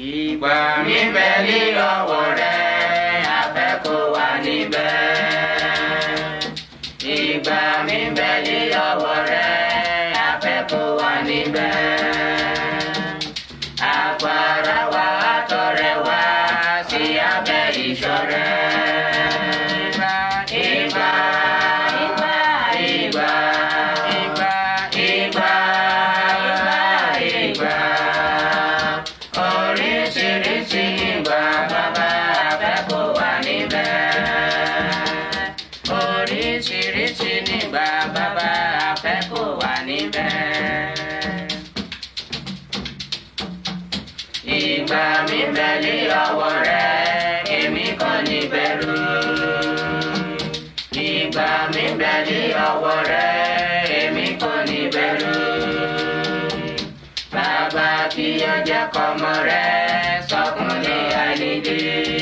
ìgbà níbẹ̀ ní ọwọ́ rẹ̀ àfẹ́kọ̀ wà níbẹ̀. ìgbà níbẹ̀ ní ọwọ́ rẹ̀ àfẹ́kọ̀ wà níbẹ̀. àpárá wa àtọ̀rẹ́ wa sí abẹ́ ìṣọ́ ìgbà mi bẹ lé ọwọ́ rẹ èmi kàn ní bẹ̀rù ìgbà mi bẹ lé ọwọ́ rẹ èmi kàn ní bẹ̀rù bàbá kí ọjà kọmọ rẹ sọkún ní àlejò.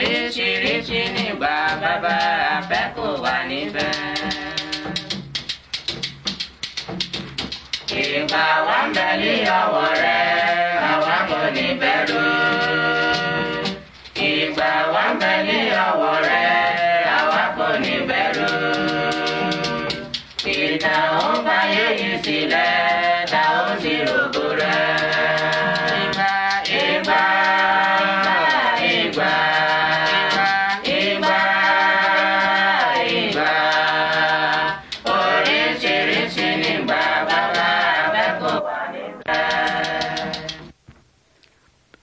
oríṣiríṣi nígbà bàbá àfẹ́ kò wà níbẹ̀. ìgbà wà ń bẹ lé ọwọ́ rẹ̀ àwa kò ní bẹ̀rù. ìgbà wà ń bẹ lé ọwọ́ rẹ̀ àwa kò ní bẹ̀rù. ìtàn ó báyé yìí sílẹ̀.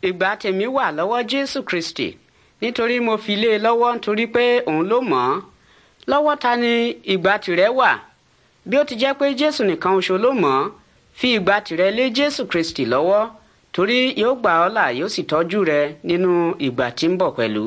ìgbà tèmi wà lọ́wọ́ Jésù Kristi nítorí mo fi lé e lọ́wọ́ nítorí pé òun ló mọ̀ ọ́ lọ́wọ́ ta ni ìgbà tìrẹ wà bí ó ti jẹ́ pé Jésù nìkan ṣoṣo ló mọ̀ ọ́ fi ìgbà tìrẹ lé Jésù Kristi lọ́wọ́ torí yóò gbà ọ́ là yóò sì tọ́jú rẹ nínú ìgbà tí ń bọ̀ pẹ̀lú.